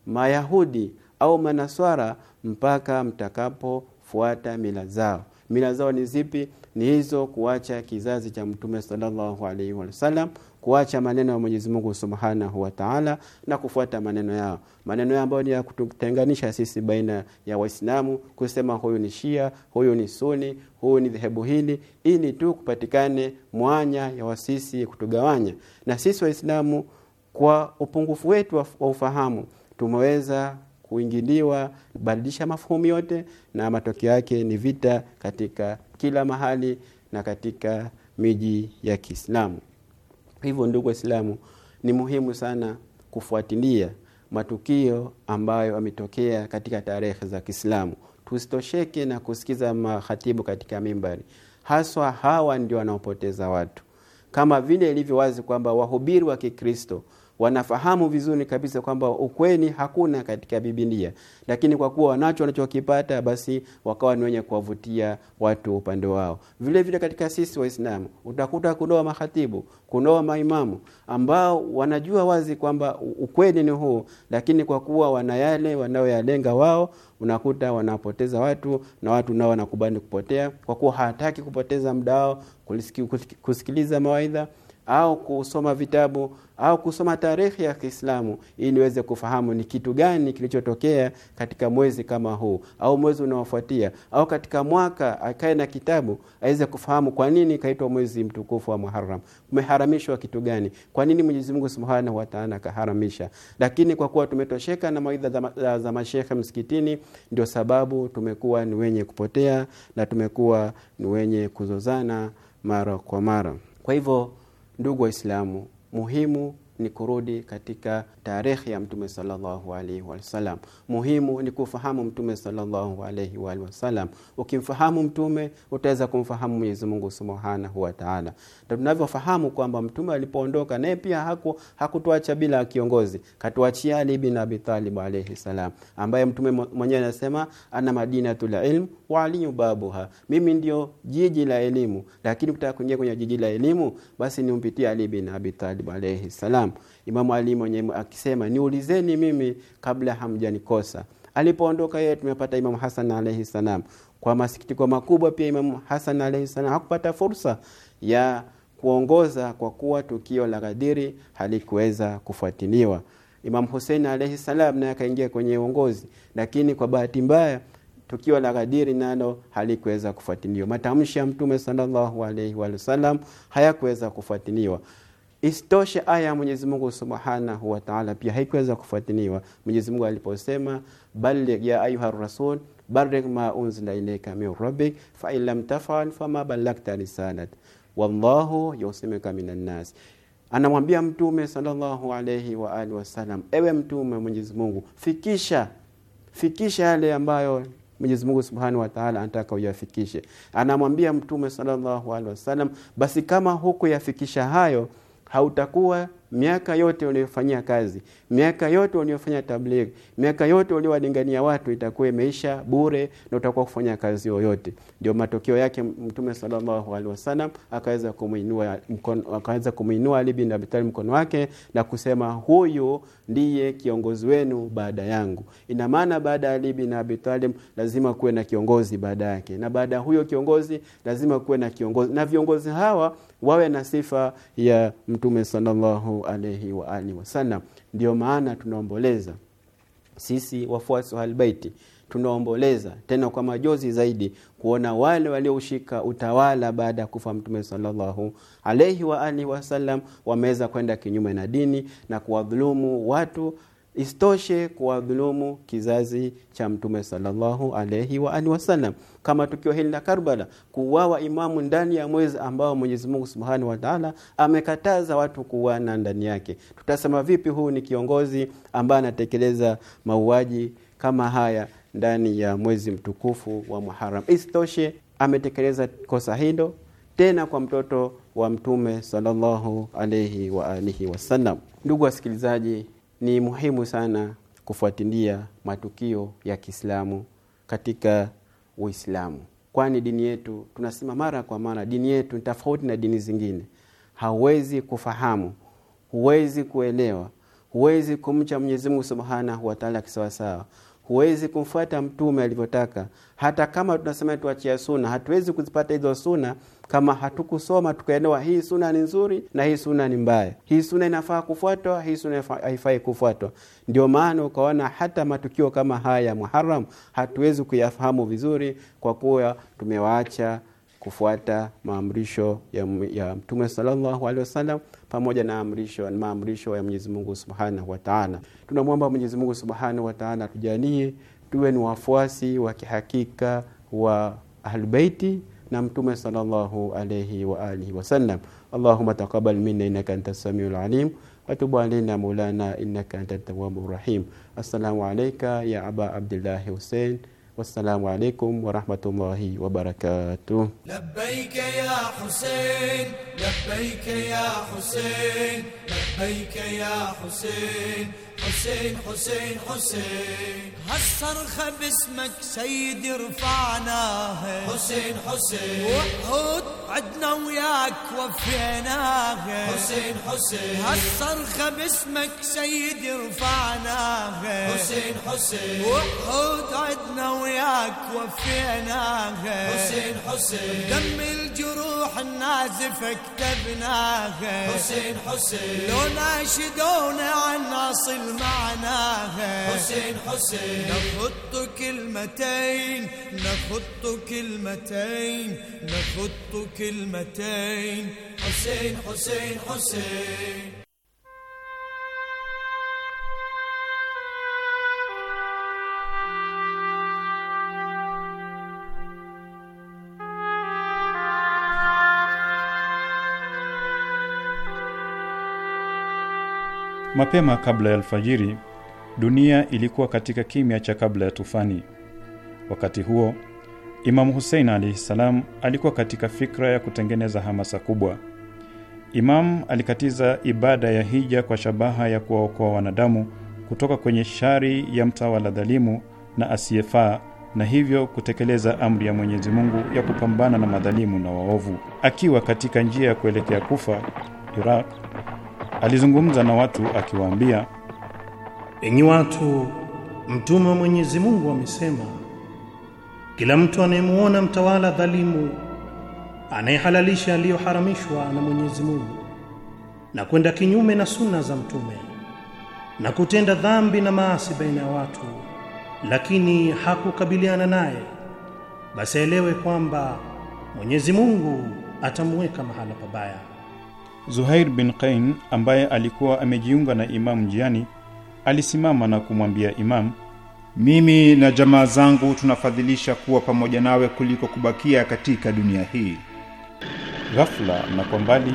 mayahudi au manaswara mpaka mtakapofuata mila zao. Mila zao ni zipi? Ni hizo, kuacha kizazi cha Mtume sallallahu alaihi wasallam kuacha maneno ya Mwenyezi Mungu Subhanahu wa Ta'ala na kufuata maneno yao maneno yao ambayo ni ya kututenganisha sisi baina ya Waislamu kusema huyu ni Shia huyu ni Sunni huyu ni dhehebu hili ili tu kupatikane mwanya ya wasisi kutugawanya na sisi Waislamu kwa upungufu wetu wa ufahamu tumeweza kuingiliwa badilisha mafuhumu yote na matokeo yake ni vita katika kila mahali na katika miji ya Kiislamu Hivyo ndugu Waislamu, ni muhimu sana kufuatilia matukio ambayo ametokea katika tarehe za Kiislamu. Tusitosheke na kusikiza mahatibu katika mimbari, haswa hawa ndio wanaopoteza watu, kama vile ilivyo wazi kwamba wahubiri wa Kikristo wanafahamu vizuri kabisa kwamba ukweli hakuna katika bibilia lakini kwa kuwa wanacho wanachokipata, basi wakawa ni wenye kuwavutia watu upande wao. Vile vile katika sisi Waislamu utakuta kunoa mahatibu, kunoa maimamu ambao wanajua wazi kwamba ukweli ni huu, lakini kwa kuwa wana yale wanayoyalenga wao, unakuta wanapoteza watu na watu nao wanakubali kupotea, kwa kuwa hawataki kupoteza muda wao kusikiliza mawaidha au kusoma vitabu au kusoma tarehe ya Kiislamu ili niweze kufahamu ni kitu gani kilichotokea katika mwezi kama huu au mwezi unaofuatia au katika mwaka, akae na kitabu aweze kufahamu kwa nini kaitwa mwezi mtukufu wa Muharram, kumeharamishwa kitu gani, kwa nini Mwenyezi Mungu Subhanahu wa Ta'ala kaharamisha. Lakini kwa kuwa tumetosheka na mawaidha za, za mashehe msikitini, ndio sababu tumekuwa ni wenye kupotea na tumekuwa ni wenye kuzozana mara kwa mara. Kwa hivyo ndugu Waislamu, muhimu ni kurudi katika tarehe ya Mtume sallallahu alaihi wasallam. Muhimu ni kufahamu Mtume sallallahu alaihi wasallam. Ukimfahamu Mtume utaweza kumfahamu Mwenyezi Mungu subhanahu wa taala, na tunavyofahamu kwamba Mtume alipoondoka naye pia haku hakutuacha bila kiongozi, katuachia Ali bin Abi Talib alaihi salam, ambaye Mtume mwenyewe anasema ana madinatul ilm wa aliyu babuha, mimi ndio jiji la elimu, lakini ukitaka kuingia kwenye jiji la elimu basi niumpitie Ali bin Abi Talib alaihi salam. Kiislamu Imamu Ali mwenyewe akisema, niulizeni mimi kabla hamjanikosa. Alipoondoka yeye, tumepata Imamu Hasan alaihi salam. Kwa masikitiko makubwa, pia Imamu Hasan alaihi salam hakupata fursa ya kuongoza kwa kuwa tukio la Ghadiri halikuweza kufuatiliwa. Imam Husein alaihi salam naye akaingia kwenye uongozi, lakini kwa bahati mbaya tukio la Ghadiri nalo halikuweza kufuatiliwa. Matamshi ya Mtume sallallahu alaihi wasallam hayakuweza kufuatiliwa. Isitoshe, aya ya Mwenyezi Mungu Subhanahu wa Ta'ala pia haikuweza kufuatiliwa. Mwenyezi Mungu aliposema balligh ya ayuha rasul balligh ma unzila ilayka min rabbik fa in lam taf'al fama ballagta risalat wallahu yusimika minan nas. Anamwambia Mtume sallallahu alayhi wa alihi wasallam, ewe Mtume, Mwenyezi Mungu fikisha fikisha yale ambayo Mwenyezi Mungu Subhanahu wa Ta'ala anataka uyafikishe. Anamwambia Mtume sallallahu alayhi wasallam, basi kama yafikisha hayo hautakuwa miaka yote unayofanyia kazi miaka yote uliofanya tabligh, miaka yote uliowalingania watu itakuwa imeisha bure na utakuwa kufanya kazi yoyote. Ndio matokeo yake Mtume sallallahu alaihi wasallam akaweza kumuinua mkono, akaweza kumuinua Ali bin Abi Talib mkono wake na kusema huyu ndiye kiongozi wenu baada yangu. Ina maana baada ya Ali bin Abi Talib lazima kuwe na kiongozi baada yake, na baada ya huyo kiongozi lazima kuwe na kiongozi, na viongozi hawa wawe na sifa ya Mtume sallallahu alaihi wa alihi wasallam. Ndio maana tunaomboleza sisi wafuasi wa Albaiti tunaomboleza tena kwa majozi zaidi kuona wale walioshika utawala baada ya kufa Mtume sallallahu alaihi wa alihi wasallam wameweza kwenda kinyume na dini na kuwadhulumu watu Isitoshe kuwadhulumu kizazi cha Mtume sallallahu alaihi wa alihi wasallam, kama tukio hili la Karbala, kuuawa imamu ndani ya mwezi ambao Mwenyezi Mungu Subhanahu wa Ta'ala amekataza watu kuuana ndani yake. Tutasema vipi huu ni kiongozi ambaye anatekeleza mauaji kama haya ndani ya mwezi mtukufu wa Muharram? Isitoshe ametekeleza kosa hilo tena kwa mtoto wa Mtume sallallahu alaihi wa alihi wasallam. Ndugu wasikilizaji ni muhimu sana kufuatilia matukio ya Kiislamu katika Uislamu, kwani dini yetu tunasema mara kwa mara, dini yetu ni tofauti na dini zingine. Hauwezi kufahamu, huwezi kuelewa, huwezi kumcha Mwenyezi Mungu Subhanahu wa Ta'ala kisawasawa huwezi kumfuata mtume alivyotaka. Hata kama tunasema tuachia suna, hatuwezi kuzipata hizo suna kama hatukusoma tukaelewa hii suna ni nzuri na hii suna ni mbaya, hii suna inafaa kufuatwa, hii suna haifai kufuatwa. Ndio maana ukaona hata matukio kama haya ya Muharram hatuwezi kuyafahamu vizuri kwa kuwa tumewaacha kufuata maamrisho ya, ya Mtume sallallahu alaihi wasallam pamoja na amrisho na maamrisho ya Mwenyezi Mungu Subhanahu wa Ta'ala. Tunamwomba Mwenyezi Mungu Subhanahu wa Ta'ala atujalie tuwe ni wafuasi wa kihakika wa Ahlubeiti na Mtume sallallahu alaihi wa alihi wasallam. Allahuma taqabal minna innaka anta samiu lalim watubu alaina maulana innaka anta tawabu rahim. Assalamu alaika ya Aba abdillahi Husein. والسلام عليكم ورحمة الله وبركاته لبيك يا حسين لبيك يا حسين لبيك يا حسين حسين حسين حسين هالصرخة باسمك سيدي رفعناها حسين حسين وحود عدنا وياك وفيناها حسين حسين هالصرخة باسمك سيدي رفعناها حسين حسين وحود عدنا وياك وفيناها حسين حسين دم الجروح النازفة كتبناها حسين حسين لو ناشدونا عن ناصل وصل معناها حسين حسين نخط كلمتين نخط كلمتين نخط كلمتين حسين حسين حسين Mapema kabla ya alfajiri, dunia ilikuwa katika kimya cha kabla ya tufani. Wakati huo, Imam Hussein alayhi salam alikuwa katika fikra ya kutengeneza hamasa kubwa. Imam alikatiza ibada ya hija kwa shabaha ya kuwaokoa wanadamu kutoka kwenye shari ya mtawala dhalimu na asiyefaa na hivyo kutekeleza amri ya Mwenyezi Mungu ya kupambana na madhalimu na waovu. Akiwa katika njia ya kuelekea Kufa, Iraq, Alizungumza na watu akiwaambia, enyi watu, mtume wa Mwenyezi Mungu amesema, kila mtu anayemuona mtawala dhalimu anayehalalisha aliyoharamishwa na Mwenyezi Mungu na kwenda kinyume na suna za mtume na kutenda dhambi na maasi baina ya watu, lakini hakukabiliana naye, basi aelewe kwamba Mwenyezi Mungu atamweka mahala pabaya. Zuhair bin Qain ambaye alikuwa amejiunga na Imamu njiani alisimama na kumwambia Imamu, mimi na jamaa zangu tunafadhilisha kuwa pamoja nawe kuliko kubakia katika dunia hii. Ghafla na kwa mbali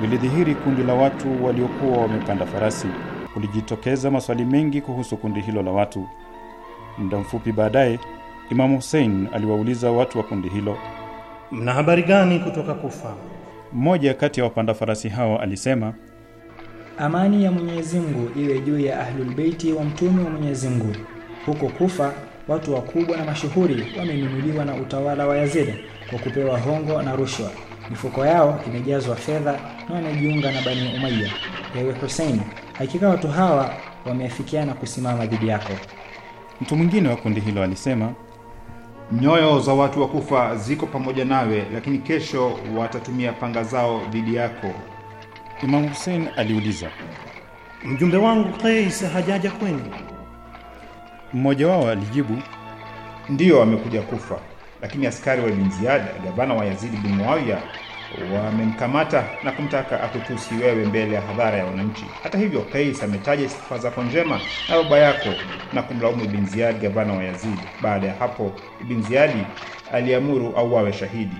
vilidhihiri kundi la watu waliokuwa wamepanda farasi. Kulijitokeza maswali mengi kuhusu kundi hilo la watu. Muda mfupi baadaye, Imamu Hussein aliwauliza watu wa kundi hilo, mna habari gani kutoka Kufa? Mmoja kati ya wapanda farasi hao alisema, amani ya Mwenyezi Mungu iwe juu ya ahlulbeiti wa mtume wa Mwenyezi Mungu. Huko Kufa watu wakubwa na mashuhuri wamenunuliwa na utawala wa yazid kwa kupewa hongo na rushwa. Mifuko yao imejazwa fedha na wamejiunga na Bani Umayya. Ewe Hussein, hakika watu hawa wameafikiana kusimama dhidi yako. Mtu mwingine wa kundi hilo alisema Nyoyo za watu wa Kufa ziko pamoja nawe, lakini kesho watatumia panga zao dhidi yako. Imamu Hussein aliuliza, mjumbe wangu Qais hajaja kwenu? Mmoja wao alijibu, ndiyo, amekuja Kufa, lakini askari wa Ibn Ziyad, gavana wa Yazidi bin Muawiya, wamemkamata na kumtaka akutusi wewe mbele ya hadhara ya wananchi. Hata hivyo, Kais ametaja sifa zako njema na baba yako na kumlaumu ibinziadi gavana wa Yazid. Baada ya hapo, ibinziadi aliamuru au wawe shahidi.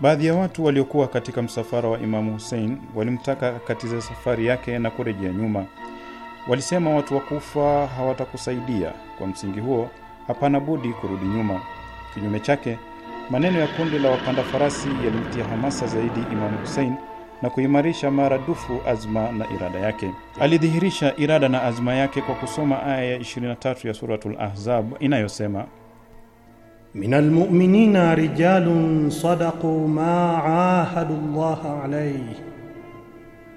Baadhi ya watu waliokuwa katika msafara wa Imamu Hussein walimtaka akatize safari yake na kurejea nyuma. Walisema watu wa Kufa hawatakusaidia. Kwa msingi huo, hapana budi kurudi nyuma. Kinyume chake Maneno ya kundi la wapanda farasi yalimtia hamasa zaidi Imamu husein na kuimarisha maradufu azma na irada yake. Alidhihirisha irada na azma yake kwa kusoma aya ya 23 ya Suratul Ahzab inayosema minal mu'minina rijalun sadaqu ma ahadu Allah alayhi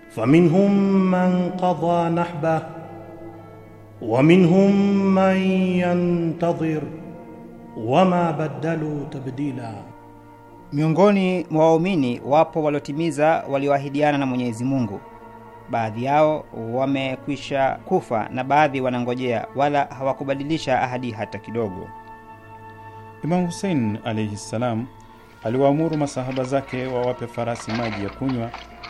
faminhum man qada nahbah wa minhum man yantadhir wama badalu tabdila. Miongoni mwa waumini wapo waliotimiza walioahidiana na Mwenyezi Mungu. Baadhi yao wamekwisha kufa na baadhi wanangojea, wala hawakubadilisha ahadi hata kidogo. Imam Hussein alayhi salam aliwaamuru masahaba zake wawape farasi maji ya kunywa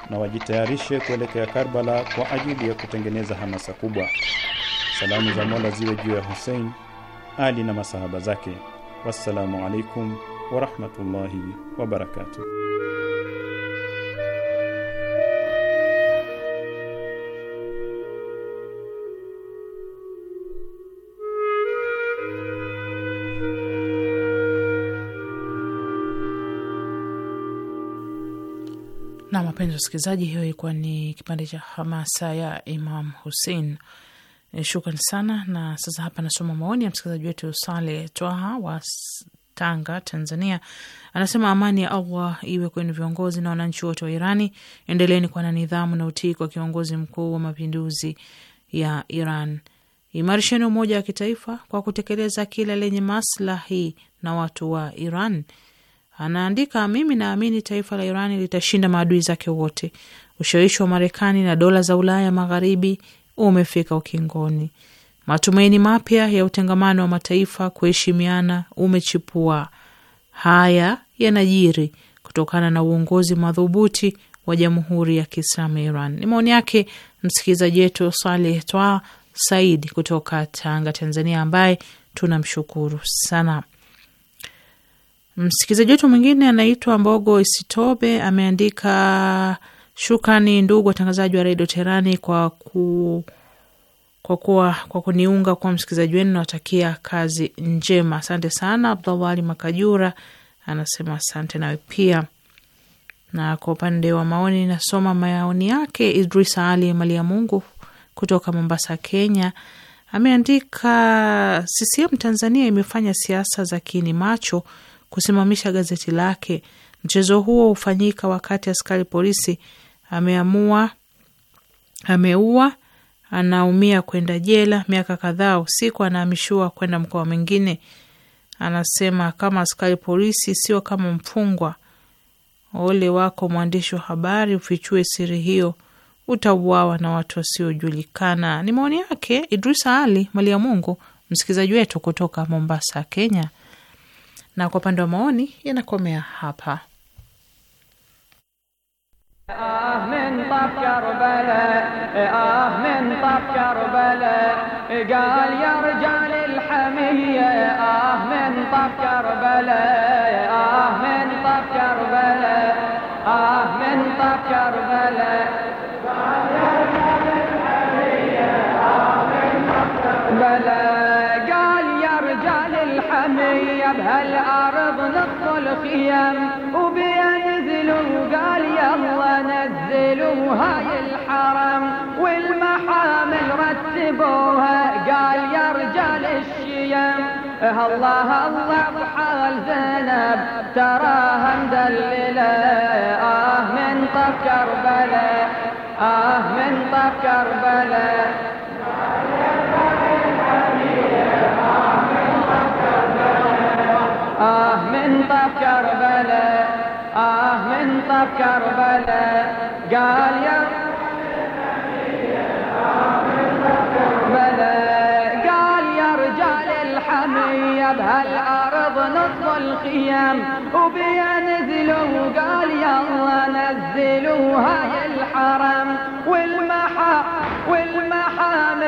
na wajitayarishe kuelekea Karbala kwa ajili ya kutengeneza hamasa kubwa. Salamu za Mola ziwe juu ya Hussein, Ali na masahaba zake. Wassalamu alaikum warahmatullahi wabarakatuh. Na wapenzi wasikilizaji, hiyo ilikuwa ni kipande cha hamasa ya Imam Hussein Eh, shukran sana. Na sasa hapa nasoma maoni ya msikilizaji wetu Sale Twaha wa Tanga, Tanzania. Anasema amani ya Allah iwe kwenu viongozi na wananchi wote wa Irani. Endeleeni kuwa na nidhamu na utii kwa kiongozi mkuu wa mapinduzi ya Iran. Imarisheni umoja wa kitaifa kwa kutekeleza kila lenye maslahi na watu wa Iran. Anaandika, mimi naamini taifa la Irani litashinda maadui zake wote. Ushawishi wa Marekani na dola za Ulaya Magharibi umefika ukingoni. Matumaini mapya ya utengamano wa mataifa kuheshimiana umechipua. Haya yanajiri kutokana na uongozi madhubuti wa Jamhuri ya Kiislamu Iran. Ni maoni yake msikilizaji wetu Saleh Twa Said kutoka Tanga, Tanzania, ambaye tunamshukuru sana. Msikilizaji wetu mwingine anaitwa Mbogo Isitobe, ameandika Shukrani ndugu watangazaji wa redio Teherani kwa, ku, kwa, kuwa, kwa kuniunga kuwa msikilizaji wenu. Nawatakia kazi njema, asante sana. Abdallah Ali Makajura anasema asante nawe pia. Na kwa upande wa maoni nasoma maoni yake. Idrisa Ali ya Mungu kutoka Mombasa, Kenya ameandika CCM Tanzania imefanya siasa za kini macho kusimamisha gazeti lake. Mchezo huo hufanyika wakati askari polisi ameamua, ameua, anaumia kwenda jela miaka kadhaa, usiku anahamishiwa kwenda mkoa mwingine. Anasema kama askari polisi, sio kama mfungwa. Ole wako mwandishi wa habari, ufichue siri hiyo, utauawa na watu wasiojulikana. Ni maoni yake Idrisa Ali Mali ya Mungu, msikilizaji wetu kutoka Mombasa, Kenya. Na kwa upande wa maoni yanakomea hapa. آه من طب كربلاء آه من طب كربلاء قال يا رجال الحمية آه من طب كربلاء آه من طب كربلاء آه من طب كربلاء بلا قال يا رجال الحمية بهالأرض نقتل خيام الله الله بحال زينب تراها مدللة آه من طف كربلاء آه من طف كربلاء آه من طف كربلاء آه من طف كربلاء قال يا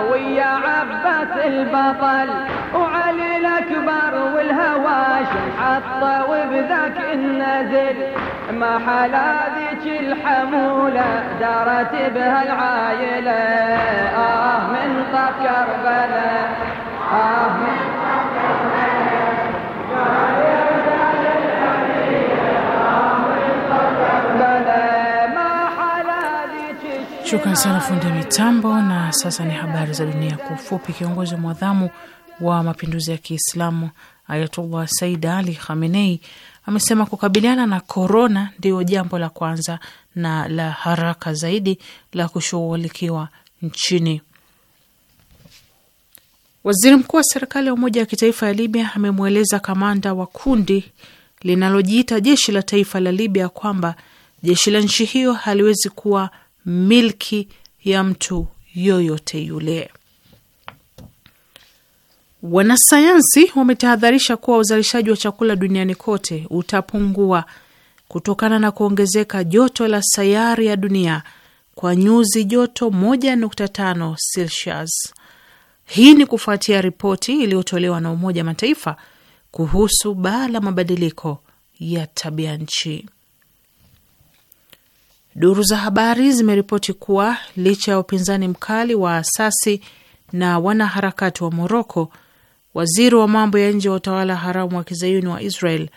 ويا عباس البطل وعلي الأكبر والهواش حطه وبذاك النزل ما حلا ذيك الحمولة دارت بها العايلة آه من طف كربلة آه من Shukran sana fundi mitambo. Na sasa ni habari za dunia kwa ufupi. Kiongozi mwadhamu wa mapinduzi ya Kiislamu Ayatullah Said Ali Khamenei amesema kukabiliana na korona ndiyo jambo la kwanza na la haraka zaidi la kushughulikiwa nchini. Waziri mkuu wa serikali ya Umoja wa Kitaifa ya Libya amemweleza kamanda wa kundi linalojiita jeshi la taifa la Libya kwamba jeshi la nchi hiyo haliwezi kuwa milki ya mtu yoyote yule. Wanasayansi wametahadharisha kuwa uzalishaji wa chakula duniani kote utapungua kutokana na kuongezeka joto la sayari ya dunia kwa nyuzi joto 1.5 Celsius. Hii ni kufuatia ripoti iliyotolewa na Umoja Mataifa kuhusu baa la mabadiliko ya tabia nchi. Duru za habari zimeripoti kuwa licha ya upinzani mkali wa asasi na wanaharakati wa Moroko, waziri wa mambo ya nje wa utawala haramu wa kizayuni wa Israel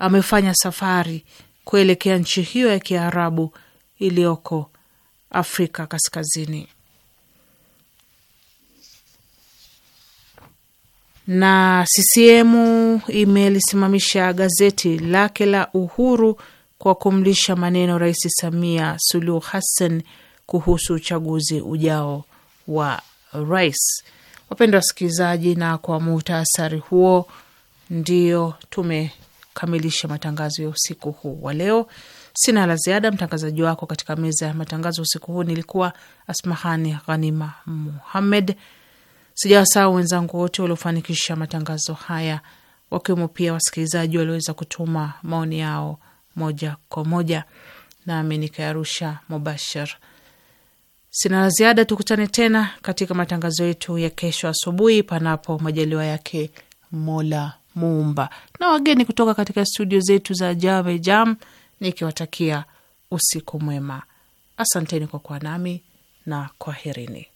amefanya safari kuelekea nchi hiyo ya kiarabu iliyoko Afrika Kaskazini. Na CCM imelisimamisha gazeti lake la Uhuru kwa kumlisha maneno Rais Samia Suluhu Hassan kuhusu uchaguzi ujao wa rais. Wapendwa wasikilizaji, na kwa muhtasari huo ndio tumekamilisha matangazo ya usiku huu wa leo. Sina la ziada. Mtangazaji wako katika meza ya matangazo usiku huu nilikuwa Asmahani Ghanima Muhammed. Sijawasahau wenzangu wote waliofanikisha matangazo haya, wakiwemo pia wasikilizaji walioweza kutuma maoni yao moja kwa moja, nami nikayarusha mubashar. Sina la ziada, tukutane tena katika matangazo yetu ya kesho asubuhi, panapo majaliwa yake Mola Muumba, na wageni kutoka katika studio zetu za Jame Jam, nikiwatakia usiku mwema. Asanteni kwa kuwa nami na kwaherini.